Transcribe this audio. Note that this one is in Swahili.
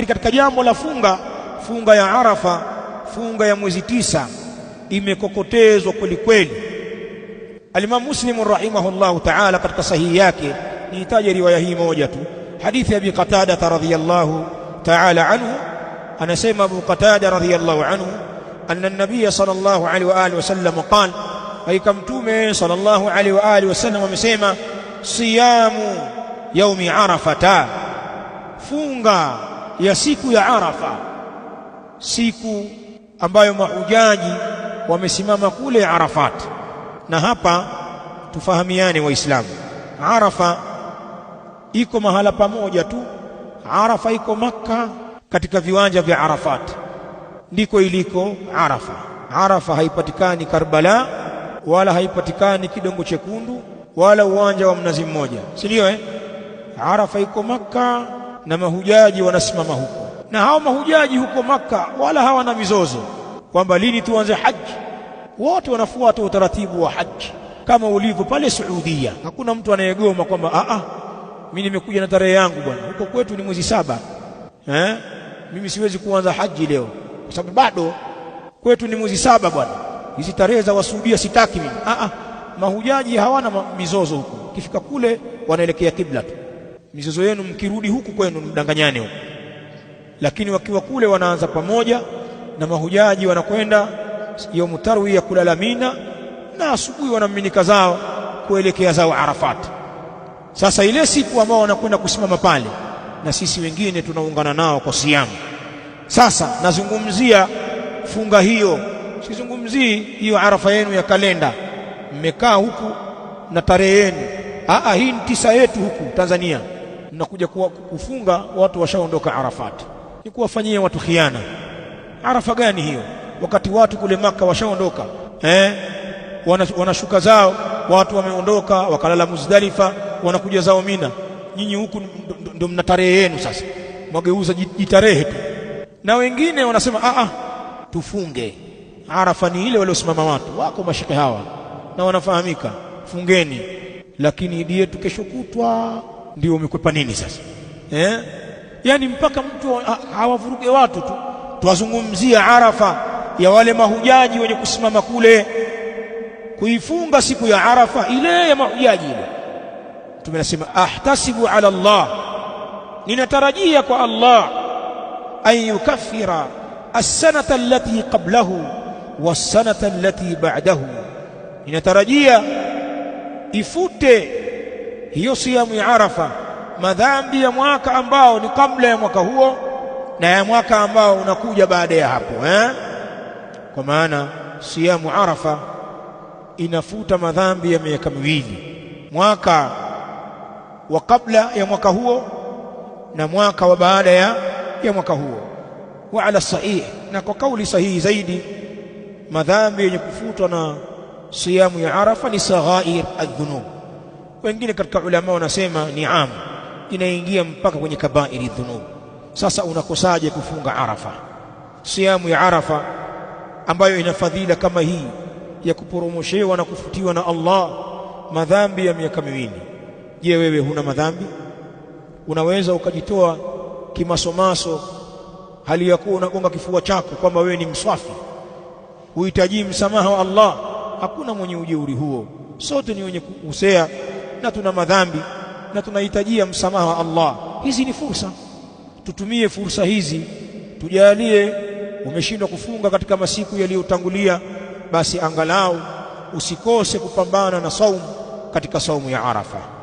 Lakini katika jambo la funga, funga ya Arafa, funga ya mwezi tisa imekokotezwa kwelikweli Alimamu Muslimu rahimahullahu taala katika sahihi yake, niitaje riwaya hii moja tu, hadithi ya Abi Qatada radhiyallahu taala anhu, anasema Abu Qatada radhiyallahu anhu anna an-nabiy sallallahu alaihi wa alihi wasallam qala, hakika Mtume sallallahu alaihi wa alihi wasallam amesema, siyamu yaumi arafata, funga ya siku ya Arafa, siku ambayo mahujaji wamesimama kule Arafat. Na hapa tufahamiane, Waislamu, Arafa iko mahala pamoja tu. Arafa iko Makka, katika viwanja vya Arafat ndiko iliko Arafa. Arafa haipatikani Karbala, wala haipatikani Kidongo Chekundu, wala uwanja wa Mnazi Mmoja, si ndio eh? Arafa iko Makka na mahujaji wanasimama huko, na hao mahujaji huko Makka wala hawana mizozo kwamba lini tuanze haji. Wote wanafuata utaratibu wa haji kama ulivyo pale Saudia. Hakuna mtu anayegoma kwamba a ah, a, ah, mimi nimekuja na tarehe yangu bwana, huko kwetu ni mwezi saba eh? mimi siwezi kuanza haji leo kwa sababu bado kwetu ni mwezi saba bwana, hizi tarehe za Wasuudia sitaki mimi. A ah, a, mahujaji hawana mizozo huko, kifika kule wanaelekea kibla tu mizozo yenu mkirudi huku kwenu mdanganyane huku, lakini wakiwa kule wanaanza pamoja na mahujaji wanakwenda yaumu tarwiya kulala Mina, na asubuhi wanamminika zao kuelekea zao Arafat. Sasa ile siku ambao wanakwenda kusimama pale, na sisi wengine tunaungana nao kwa siamu. Sasa nazungumzia funga hiyo, sizungumzii hiyo arafa yenu ya kalenda, mmekaa huku na tarehe yenu. Aa, hii ni tisa yetu huku Tanzania mnakuja kufunga watu washaondoka Arafat, ni kuwafanyia watu khiana. Arafa gani hiyo, wakati watu kule Maka washaondoka eh? Wanashuka zao watu wameondoka, wakalala Muzdalifa, wanakuja zao Mina. Nyinyi huku ndo mna tarehe yenu, sasa mwageuza jitarehe tu. Na wengine wanasema a ah, a, ah, tufunge Arafa. Ni ile waliosimama watu wako mashike hawa na wanafahamika, fungeni, lakini idi yetu kesho kutwa ndio umekwepa nini sasa eh? Yaani mpaka mtu hawavuruge watu tu, tuwazungumzia Arafa ya wale mahujaji wenye kusimama kule kuifunga siku ya Arafa ile ya mahujaji ile. Mtume anasema ahtasibu ala Allah, ninatarajia kwa Allah, an yukaffira alsanata allati qablahu wassanata allati ba'dahu, ninatarajia ifute hiyo siamu ya Arafa, madhambi ya mwaka ambao ni kabla ya mwaka huo na ya mwaka ambao unakuja baada ya hapo eh? Kwa maana siamu Arafa inafuta madhambi ya miaka miwili, mwaka wa kabla ya mwaka huo na mwaka wa baada ya, ya mwaka huo. Wa ala sahihi, na kwa kauli sahihi zaidi madhambi yenye kufutwa na siamu ya Arafa ni saghair adhunub wengine katika ulama wanasema ni amu inaingia mpaka kwenye kabairi dhunub. Sasa unakosaje kufunga Arafa, siamu ya Arafa ambayo ina fadhila kama hii ya kuporomoshewa na kufutiwa na Allah madhambi ya miaka miwili? Je, wewe huna madhambi? Unaweza ukajitoa kimasomaso, hali ya kuwa unagonga kifua chako kwamba wewe ni mswafi, uhitaji msamaha wa Allah? Hakuna mwenye ujeuri huo, sote ni wenye kukosea na tuna madhambi na tunahitajia msamaha wa Allah. Hizi ni fursa, tutumie fursa hizi. Tujalie umeshindwa kufunga katika masiku yaliyotangulia, basi angalau usikose kupambana na saumu katika saumu ya Arafa.